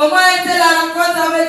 ¿Cómo es la ronda?